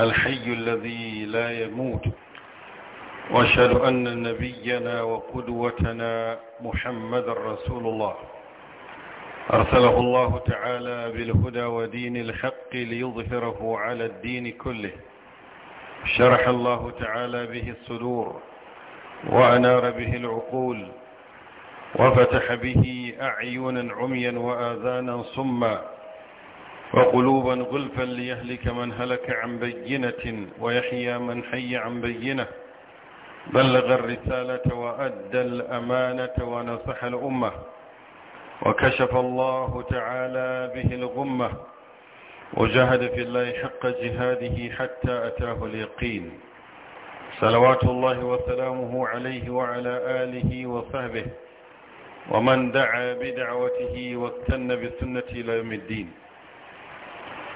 الحي الذي لا يموت وأشهد أن نبينا وقدوتنا محمد رسول الله أرسله الله تعالى بالهدى ودين الحق ليظهره على الدين كله شرح الله تعالى به الصدور وأنار به العقول وفتح به أعينا عميا وآذانا صمّا وقلوبا غلفا ليهلك من هلك عن بينة ويحيى من حي عن بينة بلغ الرسالة وأدى الأمانة ونصح الأمة وكشف الله تعالى به الغمة وجاهد في الله حق جهاده حتى أتاه اليقين صلوات الله وسلامه عليه وعلى آله وصحبه ومن دعا بدعوته واستنى بسنة إلى يوم الدين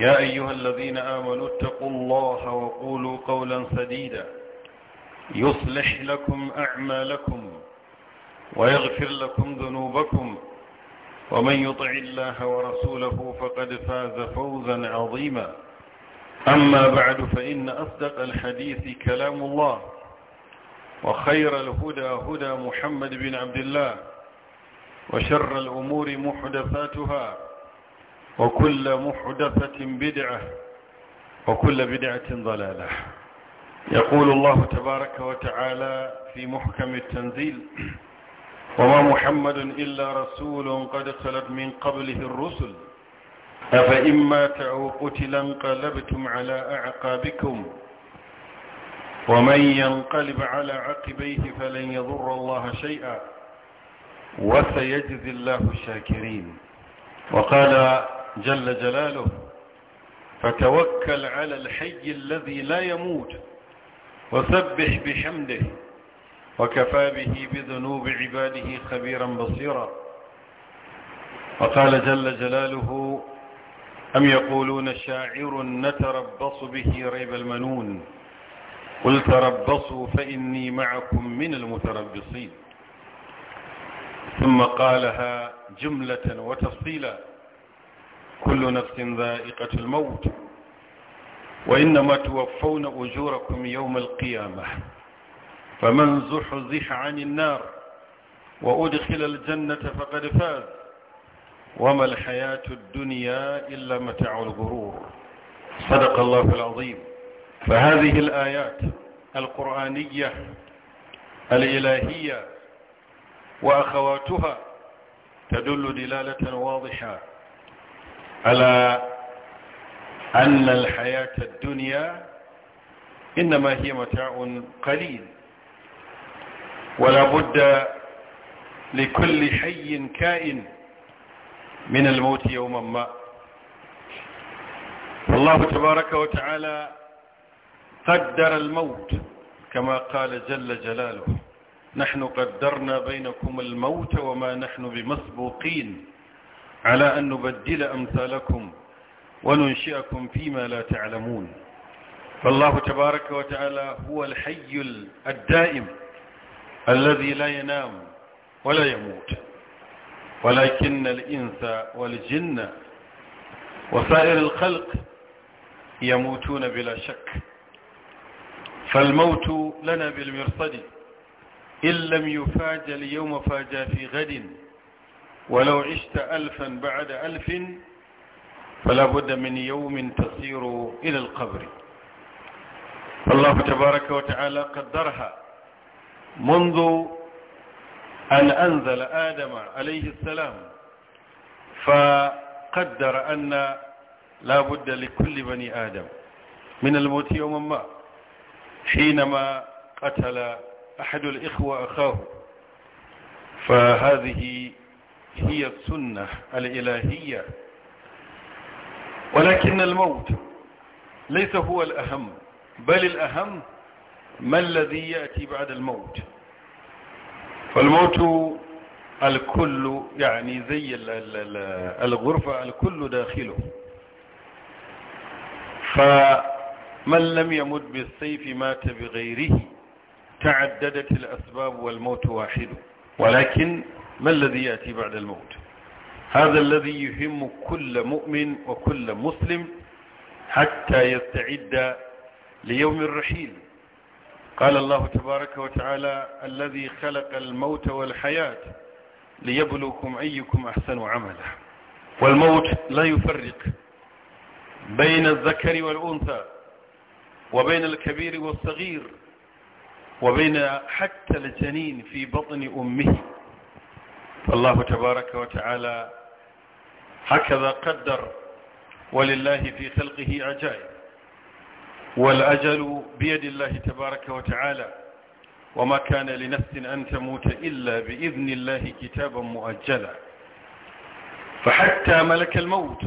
يا أيها الذين آمنوا اتقوا الله وقولوا قولا سديدا يصلح لكم أعمالكم ويغفر لكم ذنوبكم ومن يطع الله ورسوله فقد فاز فوزا عظيما أما بعد فإن أصدق الحديث كلام الله وخير الهدى هدى محمد بن عبد الله وشر الأمور محدثاتها وكل محدثة بدعة وكل بدعة ضلالة يقول الله تبارك وتعالى في محكم التنزيل وما محمد إلا رسول قد خلت من قبله الرسل أفإن مات أو قتل انقلبتم على أعقابكم ومن ينقلب على عقبيه فلن يضر الله شيئا وسيجزي الله الشاكرين وقال جل جلاله فتوكل على الحي الذي لا يموت وسبح بحمده وكفى به بذنوب عباده خبيرا بصيرا وقال جل جلاله أم يقولون شاعر نتربص به ريب المنون قل تربصوا فإني معكم من المتربصين ثم قالها جملة وتفصيلا كل نفس ذائقة الموت وإنما توفون أجوركم يوم القيامة فمن زحزح عن النار وأدخل الجنة فقد فاز وما الحياة الدنيا إلا متاع الغرور صدق الله العظيم فهذه الآيات القرآنية الإلهية وأخواتها تدل دلالة واضحة على أن الحياة الدنيا إنما هي متاع قليل ولا بد لكل حي كائن من الموت يوما ما والله تبارك وتعالى قدر الموت كما قال جل جلاله نحن قدرنا بينكم الموت وما نحن بمسبوقين على أن نبدل أمثالكم وننشئكم فيما لا تعلمون فالله تبارك وتعالى هو الحي الدائم الذي لا ينام ولا يموت ولكن الإنس والجن وسائر الخلق يموتون بلا شك فالموت لنا بالمرصد إن لم يفاجأ اليوم فاجأ في غد ولو عشت ألفا بعد ألف فلا بد من يوم تصير إلى القبر الله تبارك وتعالى قدرها منذ أن أنزل آدم عليه السلام فقدر أن لا بد لكل بني آدم من الموت يوما ما حينما قتل أحد الإخوة أخاه فهذه هي السنة الإلهية ولكن الموت ليس هو الأهم بل الأهم ما الذي يأتي بعد الموت فالموت الكل يعني زي الغرفة الكل داخله فمن لم يمت بالسيف مات بغيره تعددت الأسباب والموت واحد ولكن ما الذي يأتي بعد الموت هذا الذي يهم كل مؤمن وكل مسلم حتى يستعد ليوم الرحيل قال الله تبارك وتعالى الذي خلق الموت والحياة ليبلوكم أيكم أحسن عملا والموت لا يفرق بين الذكر والأنثى وبين الكبير والصغير وبين حتى الجنين في بطن أمه فالله تبارك وتعالى هكذا قدر ولله في خلقه عجائب والأجل بيد الله تبارك وتعالى وما كان لنفس أن تموت إلا بإذن الله كتابا مؤجلا فحتى ملك الموت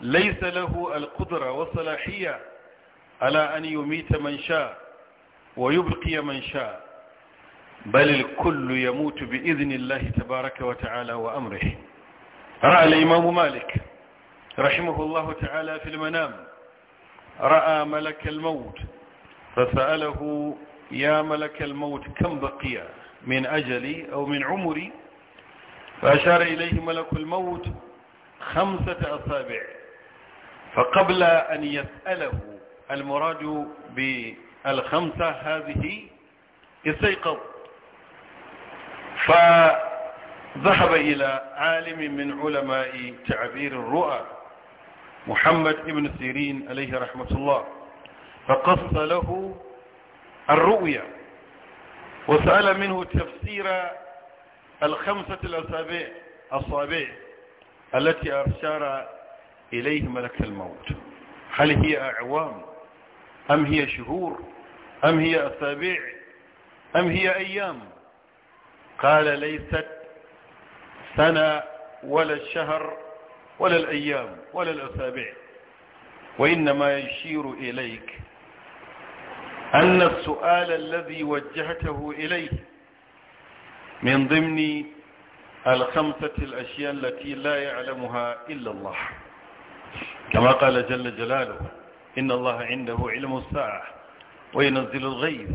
ليس له القدرة والصلاحية على أن يميت من شاء ويبقي من شاء بل الكل يموت بإذن الله تبارك وتعالى وأمره رأى الإمام مالك رحمه الله تعالى في المنام رأى ملك الموت فسأله يا ملك الموت كم بقي من أجلي أو من عمري فأشار إليه ملك الموت خمسة أصابع فقبل أن يسأله المراد بالخمسة هذه استيقظ فذهب إلى عالم من علماء تعبير الرؤى محمد ابن سيرين عليه رحمة الله فقص له الرؤيا وسأل منه تفسير الخمسة الأصابع أصابع التي أشار إليه ملك الموت هل هي أعوام أم هي شهور أم هي أسابيع أم هي أيام قال ليست سنة ولا الشهر ولا الأيام ولا الأسابيع وإنما يشير إليك أن السؤال الذي وجهته إليه من ضمن الخمسة الأشياء التي لا يعلمها إلا الله كما قال جل جلاله إن الله عنده علم الساعة وينزل الغيث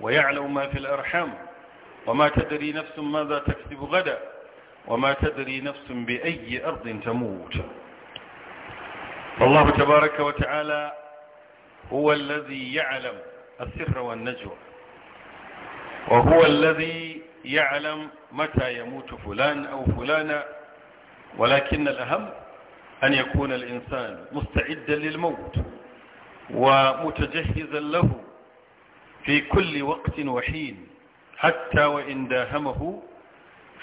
ويعلم ما في الأرحام وما تدري نفس ماذا تكسب غدا وما تدري نفس بأي أرض تموت الله تبارك وتعالى هو الذي يعلم السر والنجوى وهو الذي يعلم متى يموت فلان أو فلانة ولكن الأهم أن يكون الإنسان مستعدا للموت ومتجهزا له في كل وقت وحين حتى وإن داهمه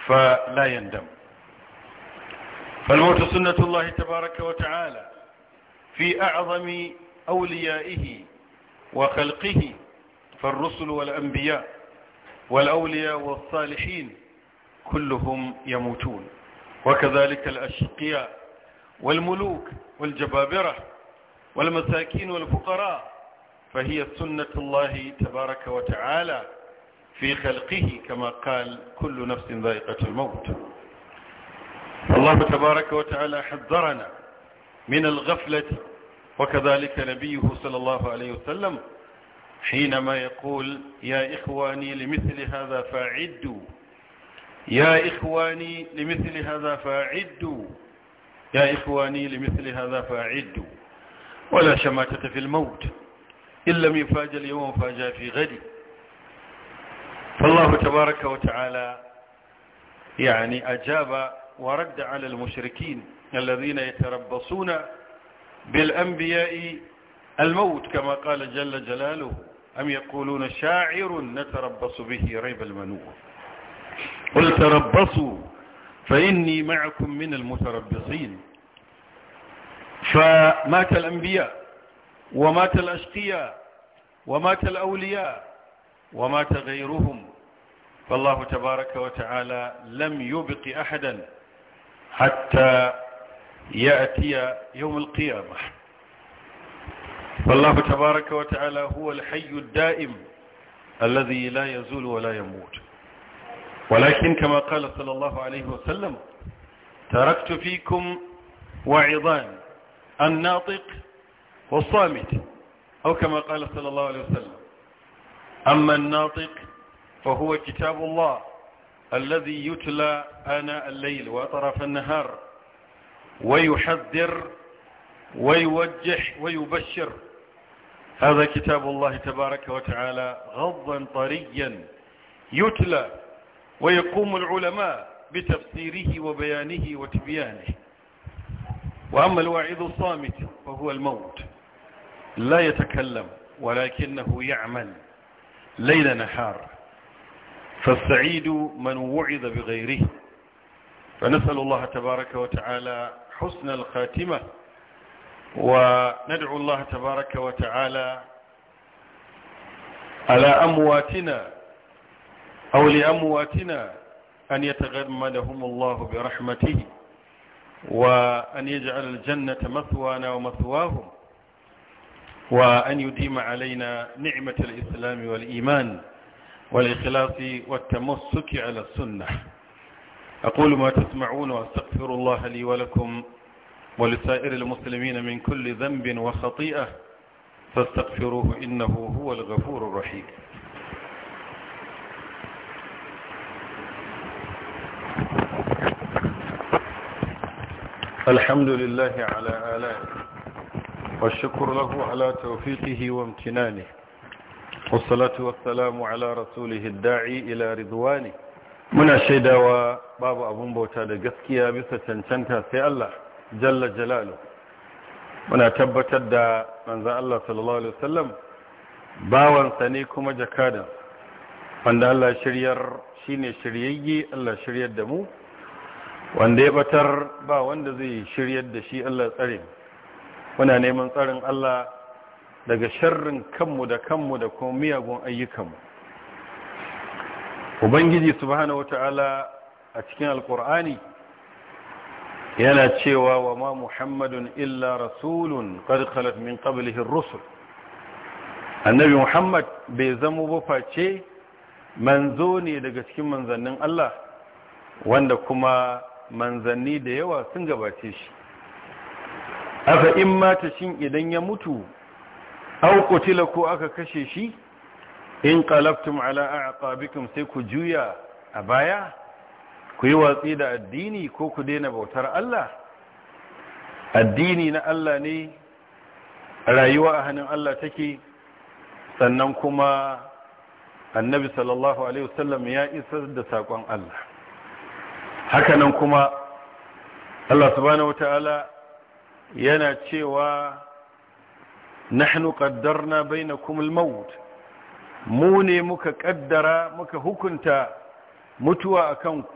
فلا يندم فالموت سنة الله تبارك وتعالى في أعظم أوليائه وخلقه فالرسل والأنبياء والأولياء والصالحين كلهم يموتون وكذلك الأشقياء والملوك والجبابرة والمساكين والفقراء فهي سنة الله تبارك وتعالى في خلقه كما قال كل نفس ذائقة الموت الله تبارك وتعالى حذرنا من الغفلة وكذلك نبيه صلى الله عليه وسلم حينما يقول يا إخواني لمثل هذا فاعدوا يا إخواني لمثل هذا فاعدوا يا إخواني لمثل هذا فاعدوا ولا شماتة في الموت إن لم يفاجأ اليوم فاجأ في غد فالله تبارك وتعالى يعني أجاب ورد على المشركين الذين يتربصون بالأنبياء الموت كما قال جل جلاله أم يقولون شاعر نتربص به ريب المنور قل تربصوا فإني معكم من المتربصين فمات الأنبياء ومات الأشقياء ومات الأولياء ومات غيرهم فالله تبارك وتعالى لم يبق أحدا حتى يأتي يوم القيامة فالله تبارك وتعالى هو الحي الدائم الذي لا يزول ولا يموت ولكن كما قال صلى الله عليه وسلم تركت فيكم وعظان الناطق والصامت أو كما قال صلى الله عليه وسلم أما الناطق فهو كتاب الله الذي يتلى آناء الليل وأطراف النهار ويحذر ويوجه ويبشر هذا كتاب الله تبارك وتعالى غضا طريا يتلى ويقوم العلماء بتفسيره وبيانه وتبيانه وأما الواعظ الصامت فهو الموت لا يتكلم ولكنه يعمل ليل نحار فالسعيد من وعظ بغيره فنسأل الله تبارك وتعالى حسن الخاتمة وندعو الله تبارك وتعالى على أمواتنا أو لأمواتنا أن يتغمدهم الله برحمته وأن يجعل الجنة مثوانا ومثواهم وأن يديم علينا نعمة الإسلام والإيمان والإخلاص والتمسك على السنة أقول ما تسمعون وأستغفر الله لي ولكم ولسائر المسلمين من كل ذنب وخطيئة فاستغفروه إنه هو الغفور الرحيم الحمد لله على آلائه والشكر له على توفيقه وامتنانه والصلاة والسلام على رسوله الداعي إلى رضوانه muna shaidawa babu abun bauta da gaskiya bisa cancanta sai Allah jalla jalalu muna tabbatar da manzan Allah sallallahu alaihi wasallam bawansa ne kuma jakada. wanda Allah shiryar shine shiryayye Allah shiryar da mu wanda ya batar ba wanda zai shiryar da shi Allah muna neman tsarin Allah daga sharrin kanmu da kanmu da kuma miyagun ayyukanmu ubangiji subhanahu wata'ala a cikin alkur'ani yana cewa wa ma muhammadun illa rasulun qad khalat min qablihi rusul annabi muhammad bai zama ba face manzo ne daga cikin manzannin Allah wanda kuma manzanni da yawa sun gabace shi afa in mata shin idan ya mutu au ko aka kashe shi in qalabtum ala aqabikum sai ku juya a baya ku yi watsi da addini ko ku daina bautar Allah addini na Allah ne rayuwa a hannun Allah take sannan kuma annabi sallallahu alaihi wasallam ya isar da sakon Allah hakanan kuma Allah subhanahu wataala yana cewa nahnu qaddarna bainakum al-maut mu ne muka kaddara muka hukunta mutuwa akan ku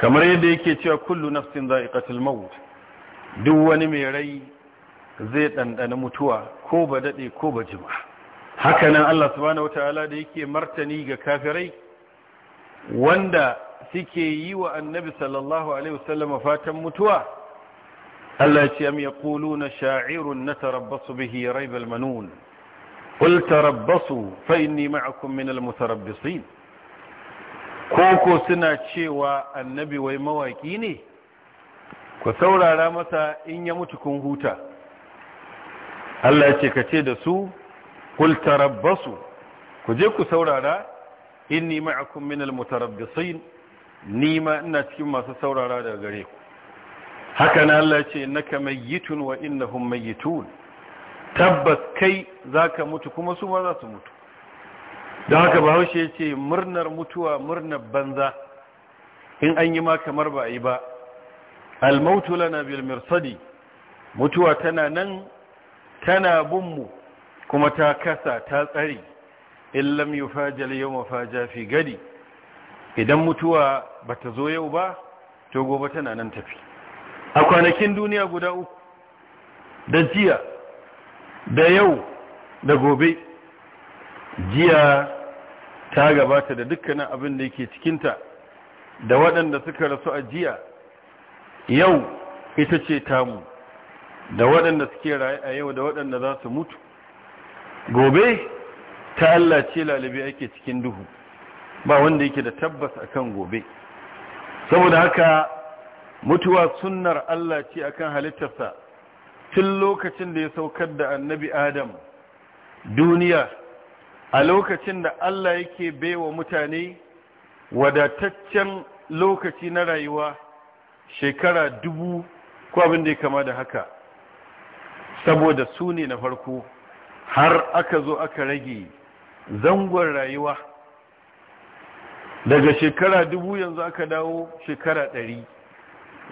kamar yadda yake cewa kullu nafsin za'iqatul maut duk wani mai rai zai dandana mutuwa ko ba dade ko ba jima hakanan Allah subhanahu wataala da yake martani ga kafirai wanda suke yi wa annabi sallallahu alaihi wasallam fatan mutuwa Allah ce am yaquluna sha'irun natarabbasu bihi rayb al-manun qul tarabbasu fa inni ma'akum min al-mutarabbisin koko suna cewa annabi wai mawaƙi ne ku saurara masa in ya mutu kun huta Allah ce ka ce da su qul tarabbasu ku je ku saurara inni ma'akum min al-mutarabbisin nima ina cikin masu saurara daga gare haka na Allah ce innaka mayyitun wa innahum mayyitun tabbas kai zaka mutu kuma su ma za su mutu don haka bahaushe ce murnar mutuwa murnar banza in an yi ma kamar ba a yi ba almautu lana bil mirsadi mutuwa tana nan tana mu kuma ta kasa ta tsari illam yufajal yawma faja fi gadi idan mutuwa bata zo yau ba to gobe tana nan tafi a kwanakin duniya guda uku da jiya da yau da gobe jiya ta gabata da dukkanin abin da yake cikinta da waɗanda suka rasu a jiya yau ita ce tamu da waɗanda suke raye a yau da waɗanda za su mutu gobe ta Allah ce lalibi ake cikin duhu ba wanda yake da tabbas akan gobe saboda haka mutuwa sunnar Allah ce akan halittarsa tun lokacin da ya saukar da annabi Adam duniya a lokacin da Allah yake baiwa mutane wadataccen lokaci na rayuwa shekara dubu ko abin da ya kama da haka saboda su ne na farko har aka zo aka rage zangon rayuwa daga shekara dubu yanzu aka dawo shekara ɗari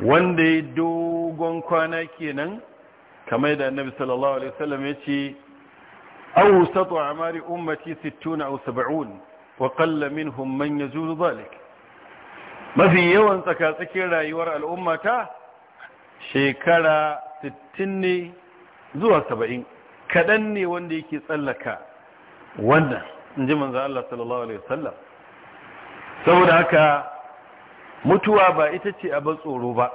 wanda ya dogon kwana kenan kamar da annabi sallallahu alaihi wasallam ya ce aw satu amari ummati 60 aw 70 wa qalla minhum man yazuru zalik mafi yawan tsakatsakin rayuwar al'ummata shekara 60 ne zuwa 70 kadan ne wanda yake tsallaka wannan inji manzo Allah sallallahu alaihi wasallam saboda haka mutuwa ba ita ce abin tsoro ba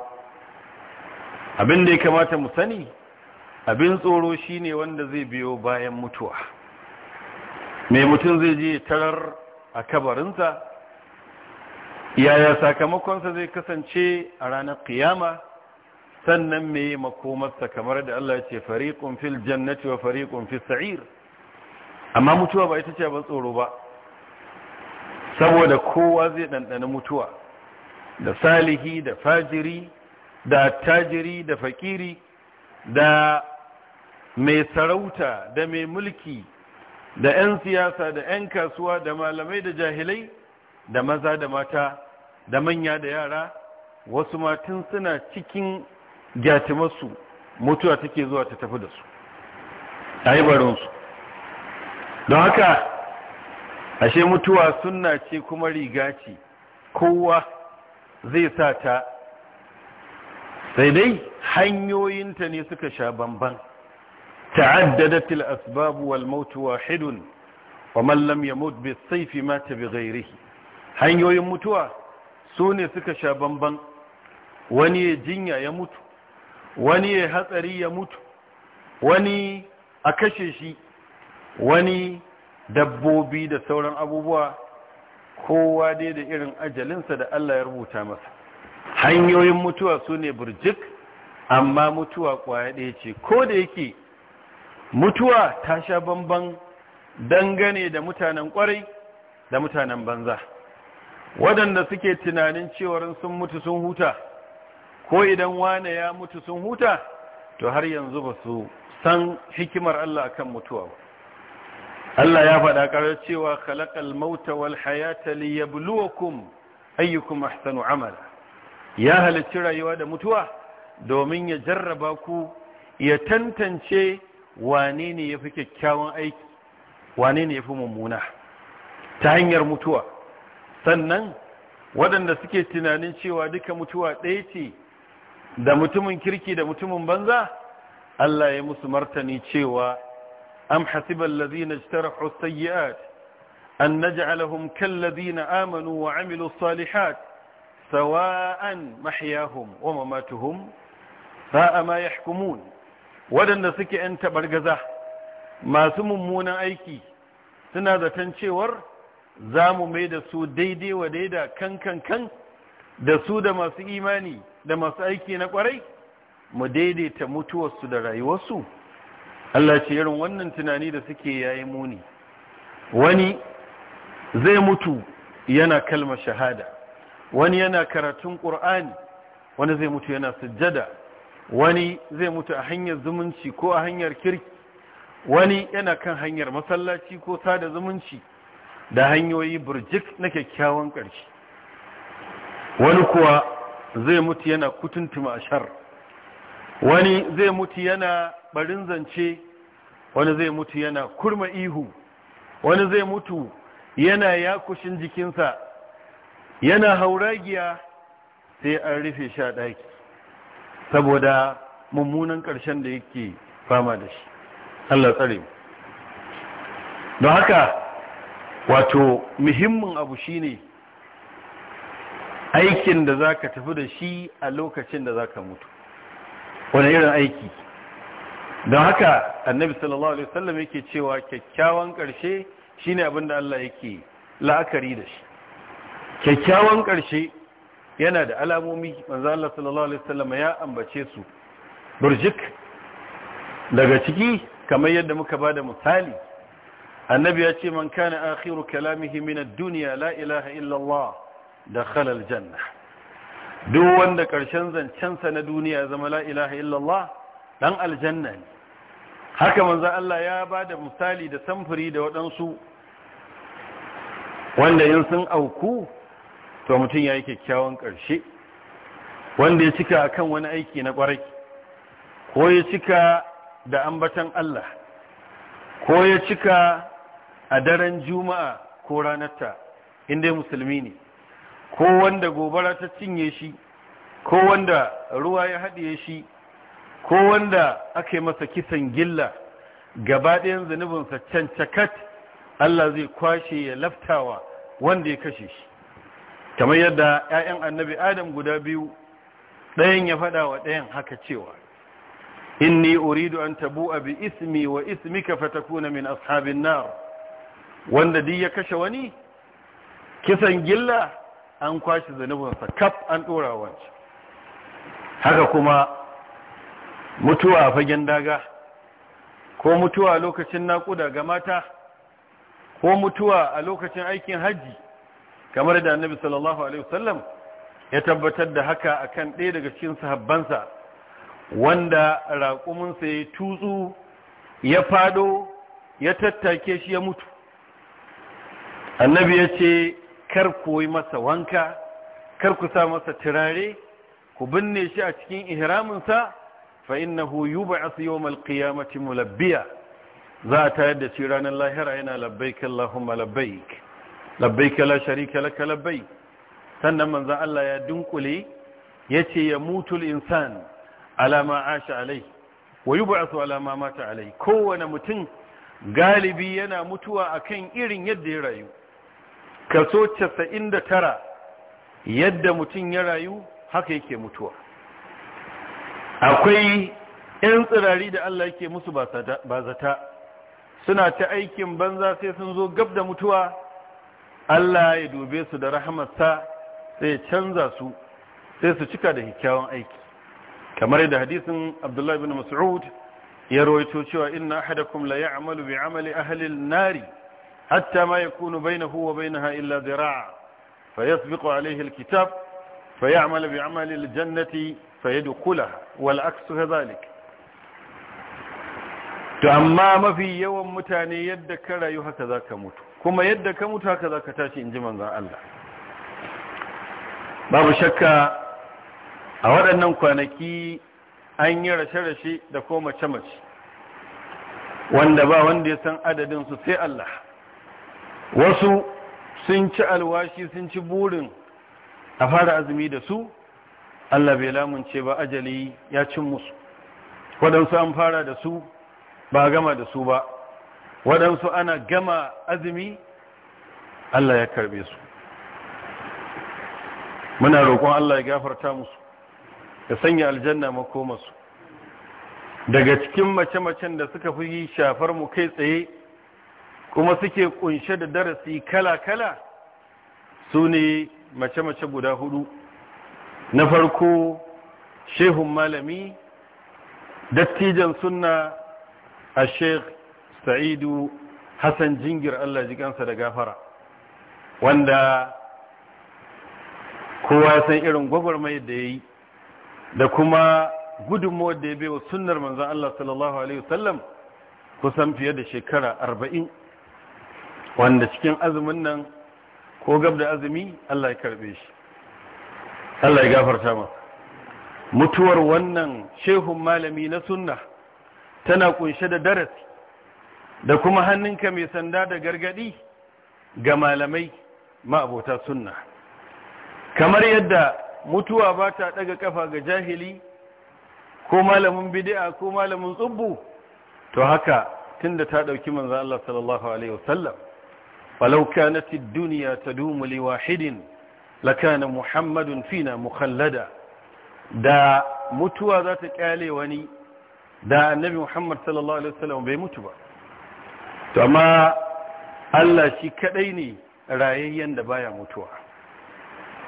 abin da ya kamata mu sani abin tsoro shine wanda zai biyo bayan mutuwa mai mutum zai je tarar a kabarinsa yaya sakamakonsa zai kasance a ranar kiyama sannan mai makomarsa kamar da Allah ce fariƙun fil jannati wa fariƙun fil sa'ir amma mutuwa ba ita ce abin tsoro ba saboda kowa zai ɗanɗana mutuwa da salihi da fajiri da tajiri da fakiri da mai sarauta da mai mulki da 'yan siyasa da 'yan kasuwa da malamai da jahilai da maza da mata da manya da yara wasu matan suna cikin gyatimarsu mutuwa take zuwa ta tafi da su a yi barinsu don haka ashe mutuwa sunna ce kuma riga ce kowa zai sa ta sai dai hanyoyinta ne suka sha bamban تعددت الأسباب والموت واحد ومن لم يموت بالسيف مات بغيره hanyoyin mutuwa su ne suka sha bamban wani ya jinya ya mutu wani ya hatsari ya mutu wani a kashe shi wani dabbobi da sauran abubuwa kowa dai da irin ajalinsa da Allah ya rubuta masa hanyoyin mutuwa su ne burjik amma mutuwa kwaya ɗaya ce ko da yake mutuwa ta sha bambam dangane da mutanen kwarai da mutanen banza waɗanda suke tunanin cewar sun mutu sun huta ko idan wane ya mutu sun huta to har yanzu ba su san hikimar Allah akan mutuwa ba Allah ya faɗa ƙarar cewa khalaqal mauta wal hayata liyabluwakum ayyukum ahsanu amala ya halicci rayuwa da mutuwa domin ya jarraba ku ya tantance wane ne yafi kyakkyawan aiki wane ne yafi mummuna ta hanyar mutuwa sannan waɗanda suke tunanin cewa duka mutuwa ɗaya ce da mutumin kirki da mutumin banza Allah ya musu martani cewa أم حسب الذين اجترحوا السيئات أن نجعلهم كالذين آمنوا وعملوا الصالحات سواء محياهم ومماتهم ساء ما يحكمون waɗanda suke 'yan taɓargaza masu mummunan aiki suna zaton cewar za mu mai da su daidai wa daida kan kan kan da su da masu imani da masu aiki na kwarai, mu daidaita mutuwarsu da rayuwarsu Allah ce irin wannan tunani da suke yayi muni wani zai mutu yana kalma shahada wani yana karatun ƙur'ani wani zai mutu yana sujjada wani zai mutu a hanyar zumunci ko a hanyar kirki wani yana kan hanyar masallaci ko sada zumunci da hanyoyi burjik na kyakkyawan ƙarshe wani kuwa zai mutu yana kutuntuma a shar wani zai mutu yana barin zance wani zai mutu yana kurma ihu wani zai mutu yana yakushin jikinsa yana hauragiya sai an rufe sha ɗaki saboda mummunan ƙarshen da yake fama da shi Allah tsare mu don haka wato muhimmin abu shine aikin da za ka tafi da shi a lokacin da za ka mutu wani irin aiki don haka annabi sallallahu alaihi wasallam yake cewa kyakkyawan ƙarshe shine abin da Allah yake la'akari da shi kyakkyawan ƙarshe yana da alamomi manzo Allah sallallahu alaihi wasallam ya ambace su burjik daga ciki kamar yadda muka bada misali annabi ya ce man kana akhiru kalamihi min ad-dunya la ilaha illa Allah dakhala al-janna duk wanda ƙarshen zancensa na duniya zama la ilaha illallah ɗan aljanna ne haka manzo Allah ya ba da misali da samfuri da waɗansu wanda in sun auku to mutum ya yi kyakkyawan ƙarshe wanda ya cika kan wani aiki na ƙwarai ko ya cika da ambatan Allah ko ya cika a daren juma'a ko ranarta inda musulmi ne ko wanda gobara ta cinye shi ko wanda ruwa ya haɗiye shi ko wanda aka yi masa kisan gilla gabaɗayan zunubinsa can cakat Allah zai kwashe ya laftawa wanda ya kashe shi kamar yadda 'ya'yan annabi adam guda biyu ɗayan ya faɗa wa ɗayan haka cewa inni uridu an tabu abi ismi wa ismi ismika kuna min ashabin nar wanda duk ya kashe wani kisan gilla an kwashe zanubinsa kaf an ɗora wance haka kuma mutuwa a fagen daga ko mutuwa a lokacin naƙuda ga mata ko mutuwa a lokacin aikin hajji kamar da annabi sallallahu alaihi wasallam ya tabbatar da haka akan ɗaya daga cikin sahabbansa wanda raƙuminsa ya tutsu ya fado ya tattake shi ya mutu annabi ya ce kar ku yi masa wanka kar ku sa masa turare ku binne shi a cikin ihraminsa fa innahu yub'asu yawmal qiyamati mulabbiya za ta da shi ranar lahira yana labbaik allahumma labbaik labbaik la sharika lak labbaik sannan manzon Allah ya dunkule yace ya mutul insan ala ma asha alai wa yub'asu ala ma mata alai kowane mutum galibi yana mutuwa akan irin yadda ya rayu kaso casa'in da tara yadda mutum ya rayu haka yake mutuwa akwai 'yan tsirari da Allah yake musu ba zata suna ta aikin banza sai sun zo gab da mutuwa Allah ya dube su da rahamarsa sai canza su sai su cika da kyakkyawan aiki kamar yadda hadisin Abdullah bin Mas'ud ya rawaito cewa inna ahadakum la ya'malu bi amali ahli an-nari حتى ما يكون بينه وبينها إلا ذراع فيسبق عليه الكتاب فيعمل بعمل الجنة فيدخلها والعكس To amma mafi yawan mutane yadda ka rayu haka za ka mutu kuma yadda ka mutu haka za ka tashi in ji manzan Allah babu shakka a waɗannan kwanaki an yi rashe-rashe da ko mace-mace wanda ba wanda ya san adadinsu sai Allah wasu sun ci alwashi sun ci burin a fara azumi da su Allah bai lamunce ba ajali ya cin musu waɗansu an fara da su ba gama da su ba waɗansu ana gama azumi Allah ya karbe su muna roƙon Allah ya gafarta musu ya sanya aljanna makomasu daga cikin mace-macen da suka fi shafar mu kai tsaye kuma suke kunshe da darasi kala-kala su ne mace-mace guda hudu na farko shehun malami dattijan sunna a sheikh sa'idu hassan jingir allah jikansa da gafara wanda kowa san irin gwagwarmai da ya yi da kuma gudunmawar da ya bai wa sunnar manzan allah sallallahu alaihi wasallam kusan fiye da shekara arba'in wanda cikin azumin nan ko gab da azumi Allah ya karbe shi Allah ya gafarta masa mutuwar wannan shehun malami na sunna tana kunshe da darasi da kuma hannunka mai sanda da gargadi ga malamai ma'abota sunna kamar yadda mutuwa ba ta daga kafa ga jahili ko malamin bid'a ko malamin tsubbu to haka tunda ta dauki manzo Allah sallallahu alaihi wasallam ولو كانت الدنيا تدوم لواحد لكان محمد فينا مخلدا دا متوى ذات كالي وني دا النبي محمد صلى الله عليه وسلم بي متوى تما Allah shi kaɗai ne rayayyen da baya mutuwa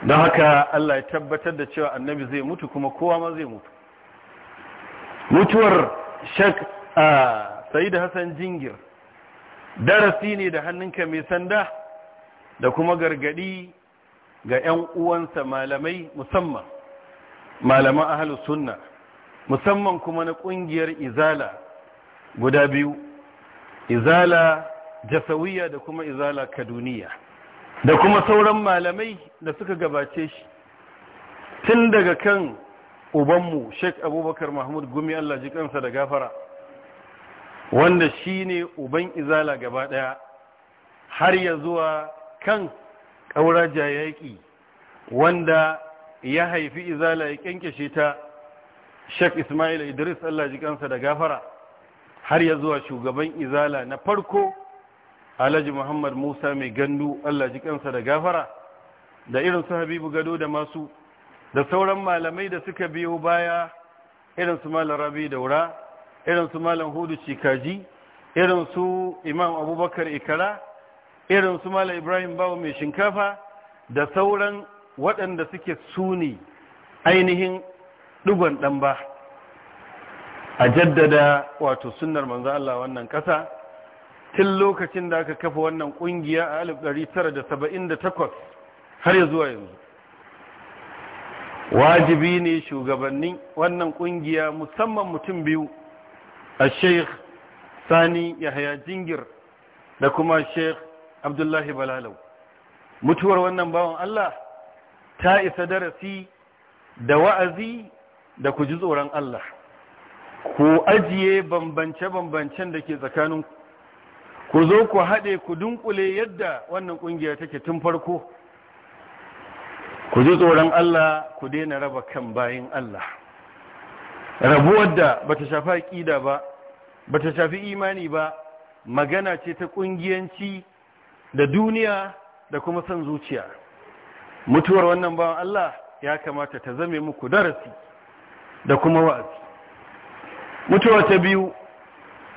don haka Allah ya tabbatar da cewa annabi zai mutu kuma kowa ma zai mutu mutuwar shak a da hassan jingir darasi ne da hannunka mai sanda da kuma gargadi ga 'yan uwansa malamai musamman malaman ahalus sunna musamman kuma na ƙungiyar izala guda biyu izala jasawiya da kuma izala kaduniya da kuma sauran malamai da suka gabace shi tun daga kan ubanmu sheik abubakar mahmud gumi allah ji kansa da gafara wanda shi ne uban izala gaba ɗaya har ya zuwa kan ƙauraja yaƙi wanda ya haifi izala ya ƙyanƙyashe ta Sheikh Ismail Idris Allah ji kansa da gafara har ya zuwa shugaban izala na farko Alhaji Muhammad Musa mai gandu Allah ji kansa da gafara da irin su Habibu Gado da masu da sauran malamai da suka biyo baya irin su Malam Rabi Daura irin su malam hudu cikaji irin su imam abubakar ikara irin su malam ibrahim bawo mai shinkafa da sauran waɗanda suke suni ainihin ɗugon ɗan ba a jaddada wato sunar manzo Allah wannan ƙasa tun lokacin da aka kafa wannan ƙungiya a 1978 har ya zuwa yanzu wajibi ne shugabannin wannan ƙungiya musamman mutum biyu a sheikh sani yahaya jingir da kuma sheikh abdullahi balalau mutuwar wannan bawan Allah ta isa darasi da wa'azi da ku ji tsoron Allah ku ajiye bambance-bambancen da ke tsakaninku ku zo ku haɗe ku dunkule yadda wannan ƙungiyar take tun farko ku ji tsoron Allah ku daina raba kan bayin Allah rabuwar da ta shafi aƙida ba ba ta shafi imani ba magana ce ta ƙungiyanci da duniya da kuma son zuciya mutuwar wannan bawan Allah ya kamata ta zame muku darasi da kuma wa'azi mutuwa ta biyu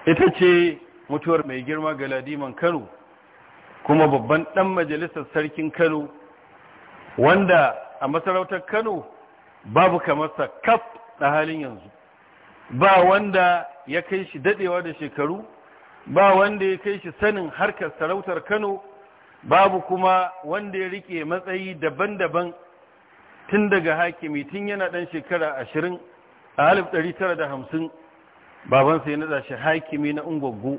ita ce mutuwar mai girma ga ladiman Kano kuma babban ɗan majalisar sarkin Kano wanda a masarautar Kano babu kamar sa kaf da halin yanzu ba wanda ya kai shi dadewa da shekaru ba wanda ya kai shi sanin harkar sarautar Kano babu kuma wanda ya rike matsayi daban-daban tun daga hakimi tun yana dan shekara 20 a 1950 babansa ya nada shi hakimi na ungwaggo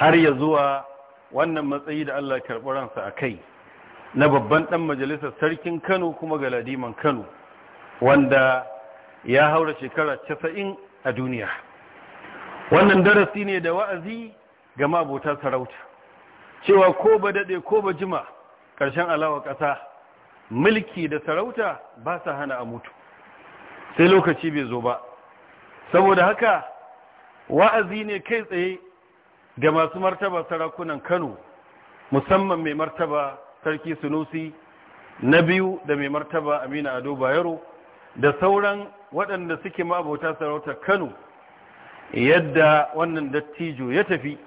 har ya zuwa wannan matsayi da Allah karɓar ransa a kai na babban ɗan majalisar sarkin Kano kuma galadiman Kano wanda ya haura shekara casa'in a duniya wannan darasi ne da wa'azi ga mabota sarauta cewa ko ba daɗe ko ba jima ƙarshen alawa ƙasa mulki da sarauta ba sa hana a mutu sai lokaci bai zo ba saboda haka wa'azi ne kai tsaye ga masu martaba sarakunan kano musamman mai martaba sarki sunusi na biyu da mai martaba amina ado bayero da sauran waɗanda suke mabauta sarautar Kano yadda wannan dattijo ya tafi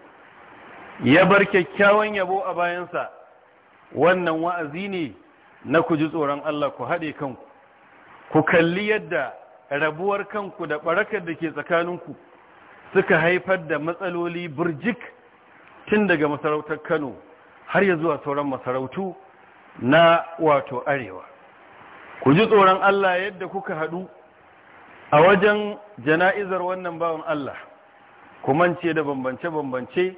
ya bar kyakkyawan yabo a bayansa wannan wa'azi ne na ku ji tsoron Allah ku haɗe kanku ku kalli yadda rabuwar kanku da barakar da ke tsakaninku suka haifar da matsaloli burjik tun daga masarautar Kano har ya zuwa sauran masarautu na wato arewa ku ji tsoron Allah yadda kuka haɗu a wajen jana'izar wannan bawan Allah ku mance da bambance-bambance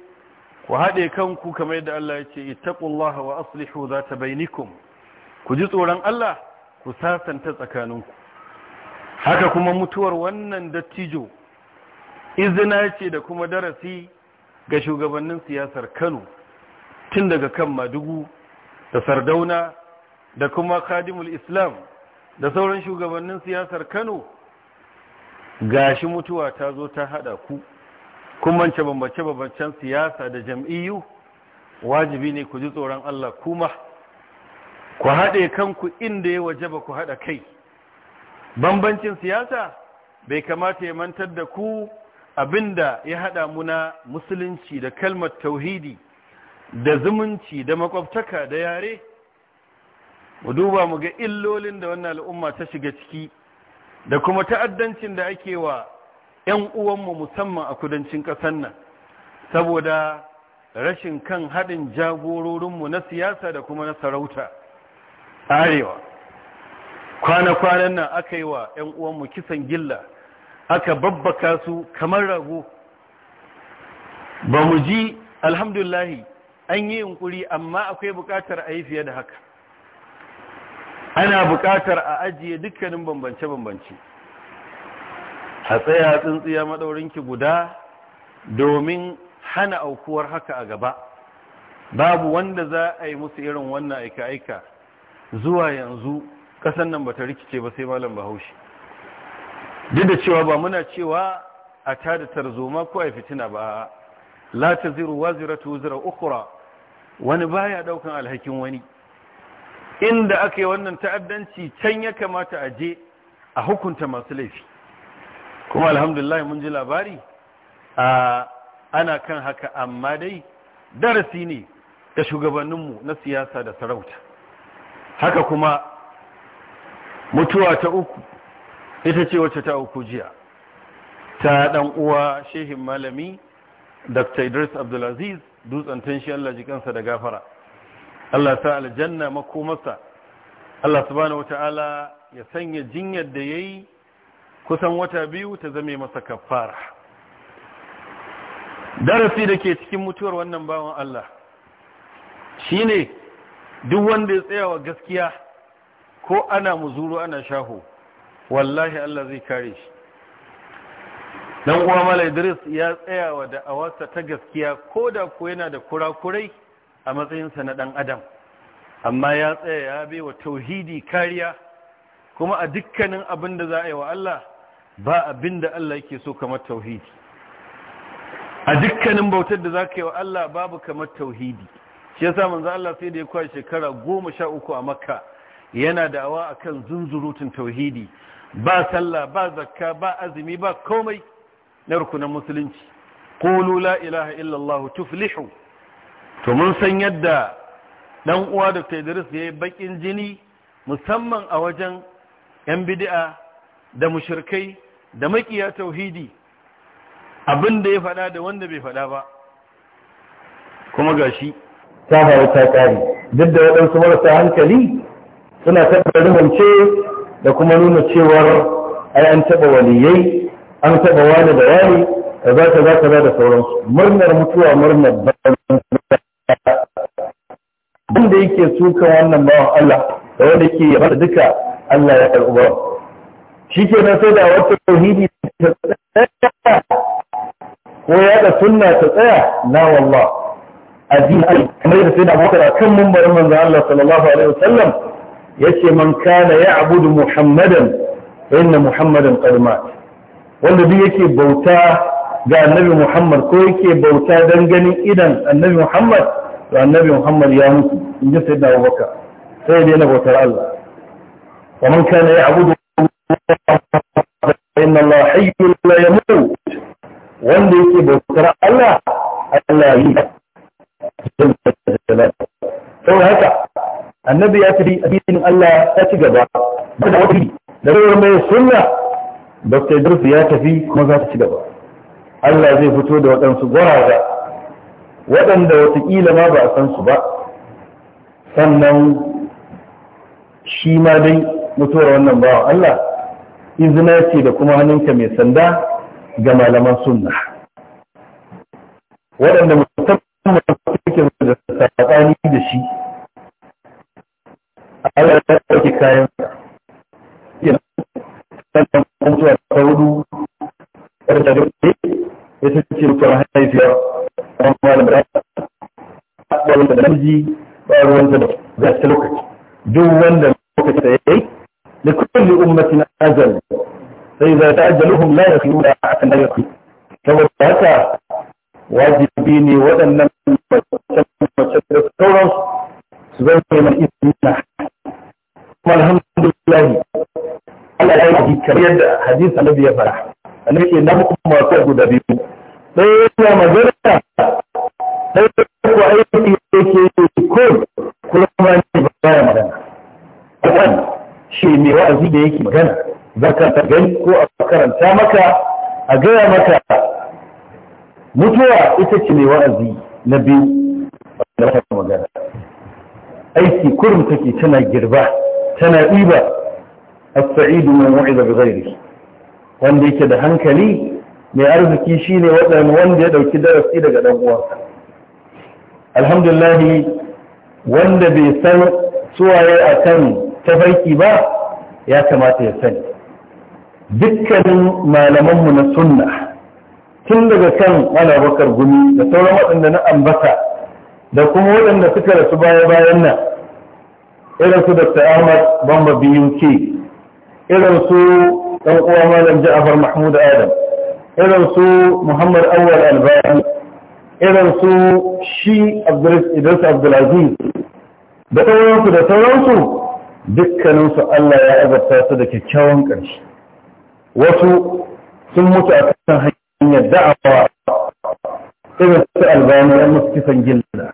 ku haɗe kanku kamar yadda Allah ya ce ittaqullaha wa aslihu zata bainikum ku ji tsoron Allah ku sasanta tsakaninku haka kuma mutuwar wannan dattijo izina ce da kuma darasi ga shugabannin siyasar Kano tun daga kan Madugu da Sardauna da kuma Khadimul Islam da sauran shugabannin siyasar Kano gashi mutuwa ta zo ta hada ku kun ce bambance bambancen siyasa da jam'iyyu wajibi ne ku ji tsoron Allah kuma ku haɗe kanku inda ya wajaba ku haɗa kai bambancin siyasa bai kamata ya mantar da ku abinda ya haɗa muna musulunci da kalmar tauhidi da zumunci da makwabtaka da yare mu duba mu ga illolin da wannan al'umma ta shiga ciki da kuma ta'addancin da ake wa 'yan uwanmu musamman a kudancin ƙasar nan saboda rashin kan haɗin jagororinmu na siyasa da kuma na sarauta arewa kwana-kwanan nan aka yi wa 'yan uwanmu kisan gilla aka babbaka su kamar rago ba mu ji alhamdulahi an yi yunkuri amma akwai buƙatar a yi fiye da haka ana buƙatar a ajiye dukkanin bambance-bambance a tsaya tsintsiya maɗaurinki guda domin hana aukuwar haka a gaba babu wanda za a yi musu irin wannan aika-aika zuwa yanzu ƙasan nan ba ta rikice ba sai malam bahaushe duk da cewa ba muna cewa a tada tarzoma ko a fitina ba la ta ziru waziratu zira ukura wani baya ɗaukan alhakin wani inda aka yi wannan ta'addanci can ya kamata a je a hukunta masu laifi kuma alhamdulillah mun ji labari a ana kan haka amma dai darasi ne ga shugabanninmu na siyasa da sarauta haka kuma mutuwa ta uku ita ce wacce ta uku jiya ta dan uwa shehin malami dr idris abdulaziz dutsen tanshi allah kansa da gafara Allah ta aljanna makomarsa Allah subhanahu wata'ala ya sanya jinyar da yayi kusan wata biyu ta zame masa kafara darasi da ke cikin mutuwar wannan bawan Allah shine duk wanda ya tsayawa gaskiya ko ana muzuru ana shaho wallahi Allah zai kare shi dan uwa mala Idris ya tsaya wa da'awarsa ta gaskiya ko da ko yana da kurakurai a matsayinsa na ɗan adam amma ya tsaya ya bai wa tauhidi kariya kuma a dukkanin abin da za a yi wa Allah ba abin da Allah yake so kamar tauhidi a dukkanin bautar da za ka yi wa Allah babu kamar tauhidi shi yasa manzo Allah sai da ya kwashe shekara goma sha uku a makka yana da'awa akan zunzurutun tauhidi ba sallah ba zakka ba azumi ba komai na rukunan musulunci qulu la ilaha illallah tuflihu to mun san yadda ɗan uwa da Idris ya yi baƙin jini musamman a wajen yan bidi'a, da mushirkai da makiya tauhidi abin da ya faɗa da wanda bai faɗa ba kuma gashi ta hau ta kare duk da waɗansu marasa hankali suna taɓa rumance da kuma nuna cewar ai an taɓa waliyai an taɓa wani da wani za ka za ka da sauransu murnar mutuwa murnar banza wanda yake sukan wannan bawan Allah da wanda ke yaba da duka Allah ya karɓi bawan shi ke nan sai da wata tauhidi ta tsaya ko ya da sunna ta tsaya na wallah addini Allah kamar yadda sai da bakara kan mumbarin manzon Allah sallallahu alaihi wasallam yace man kana ya'budu muhammadan fa inna muhammadan qad mat wanda duk yake bauta ga annabi Muhammad ko yake bauta don ganin idan annabi Muhammad to annabi Muhammad ya mutu in ji sayyidina Abubakar sai ya daina bautar Allah wa man kana ya'budu inna Allah hayyun la yamut wanda yake bautar Allah Allah yi saboda haka annabi ya fi addinin Allah ta ci gaba da wani da mai sunna Dr. Idris ya tafi kuma za ta ci gaba Allah zai fito da waɗansu gwaraza waɗanda watakila ma ba a san su ba sannan shi ma dai mutuwar wannan bawa Allah izina ce da kuma hannunka mai sanda ga malaman sunna waɗanda musamman da da shi إذا تأجلهم لا يخلون أن لا يخلون فوالتهكى واجبيني وأن نمتشف التورس سبقي من إذن والحمد لله على الله كريد حديث الذي يفرح أنك نمكم ما تأجد بيه فإذا ما زرنا فإذا أيضا كل كل ما نبقى مدنا أولا شيء ما أزيد zaka ta gai ko a karanta maka a gaya maka mutuwa ita ce mai wa'azi na biyu da wata magana aiki kurum take tana girba tana ɗiba as-sa'idu man wa'iza daga wanda yake da hankali mai arziki shine ne wanda ya ɗauki darasi daga ɗan uwansa alhamdulillah wanda bai san suwaye kan tafarki ba ya kamata ya sani dukkanin malamanmu na sunna tun daga kan alabakar gumi da sauran waɗanda na ambata da kuma waɗanda suka rasu baya-bayan nan irin su dr ahmad bamba buk irin su ɗan uwa malam ja'afar mahmud adam irin su muhammad awwal albani irin su shi idris abdulaziz da sauransu da sauransu dukkaninsu allah ya azabta su da kyakkyawan ƙarshe wasu sun mutu a kan hanyar da'awa irin su albani an musu kisan gilla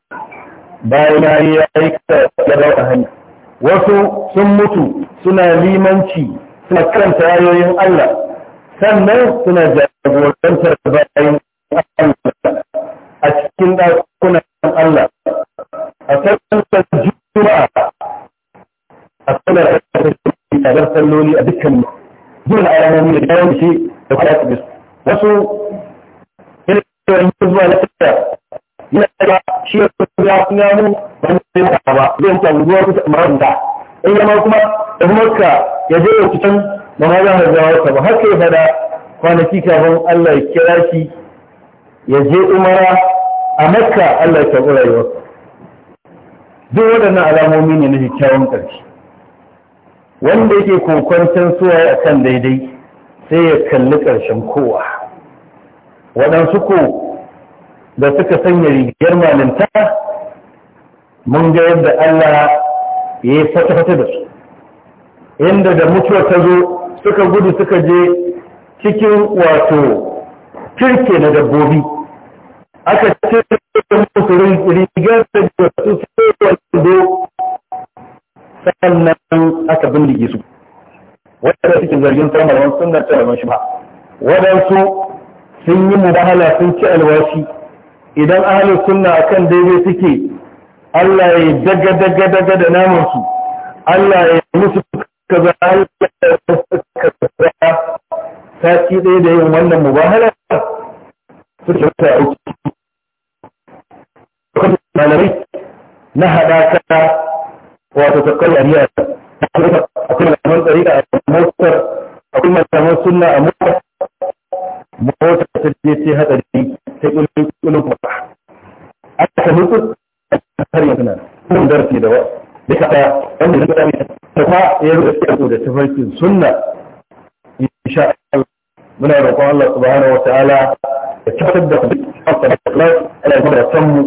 bayan ya yi ya yi a hanya wasu sun mutu suna limanci suna karanta tayoyin Allah sannan suna jagorantar bayan Allah a cikin ɗakunan Allah a sallar juma'a a sallar a salloli a dukkan da gidan shi da kwaya su bisu wasu yana yin zuwa lafiya yana da shi ya kuma ya mu wani zai ba ba zai mutu a guguwar kusa a in yamma kuma da kuma ka ya je ya fitan da ma za a zama wata ba haka ya fada kwanaki kafin Allah ya kira shi ya je umara a makka Allah ya karɓi rayuwarsa duk waɗannan alamomi ne na kyakkyawan ƙarshe wanda yake kokwanton suwaye a kan daidai sai ya kalli ƙarshen kowa waɗansu ko da suka sanya rigar malinta mun ga yadda Allah ya yi fata-fata da su inda da mutuwa ta zo suka gudu suka je cikin wato kirke na dabbobi aka ce musu rigar da su sai wando sannan aka bindige su wanda suke zargin samarwan sunnar ta rabon shi ba waɗansu sun yi mubahala sun ci alwashi idan ahli sunna akan daidai suke Allah ya daga daga daga da su, Allah ya musu kaza Allah ya musu kaza sati ɗaya da yin wannan mubahala suke wata aiki malamai na haɗaka wato takwai a kunna a mota mota ta je sai hatsari sai kulun kuma aka mutu har yanzu na kun darsi da wa da kada wanda zai tsami ta fa ya rubuta ko da tafarkin sunna insha Allah muna roƙon Allah subhanahu wataala ya tabbatar da kuma Allah ya tabbatar mu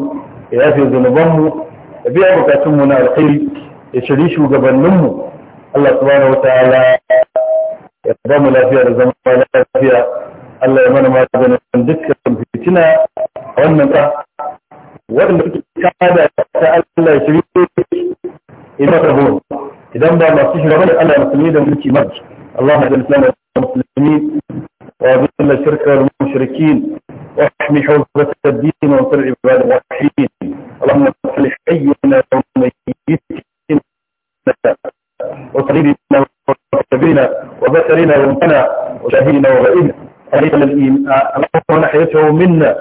ya yafe mu da biya bukatunmu na alkhairi ya shiri shugabanninmu Allah subhanahu wataala ba mu lafiya da zama lafiya Allah ya mana maganin dukkan fitina a wannan ba waɗanda suke kada ta Allah ya shirye idan ka bo idan ba masu shirye ba Allah musulmi da mulki ma Allahumma ajal islam wal muslimin wa azil shirka wal mushrikin wa ahmi hawzat ad-din wa sir ibad al-wahihin Allahumma aslih hayyana wa mayyitina wa sayyidina wa sayyidina وبشرنا وامتنا وشاهدنا وغائبنا اللهم نحيته منا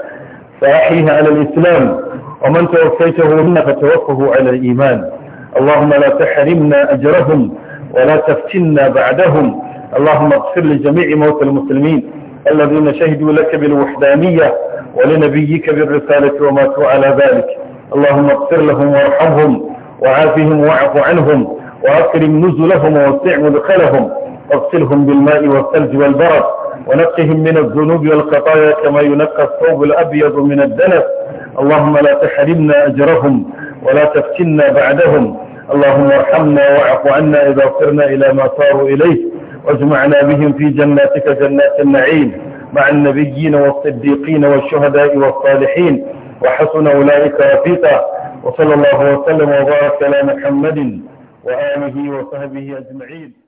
فأحيه على الإسلام ومن توفيته منا فتوفه على الإيمان اللهم لا تحرمنا أجرهم ولا تفتنا بعدهم اللهم اغفر لجميع موتى المسلمين الذين شهدوا لك بالوحدانية ولنبيك بالرسالة وماتوا على ذلك اللهم اغفر لهم وارحمهم وعافهم واعف عنهم وأكرم نزلهم ووسع مدخلهم واغسلهم بالماء والثلج والبرد ونقهم من الذنوب والخطايا كما ينقى الثوب الأبيض من الدنس اللهم لا تحرمنا أجرهم ولا تفتنا بعدهم اللهم ارحمنا واعف عنا إذا صرنا إلى ما صاروا إليه واجمعنا بهم في جناتك جنات النعيم مع النبيين والصديقين والشهداء والصالحين وحسن أولئك رفيقا وصلى الله وسلم وبارك على محمد وآله وصحبه أجمعين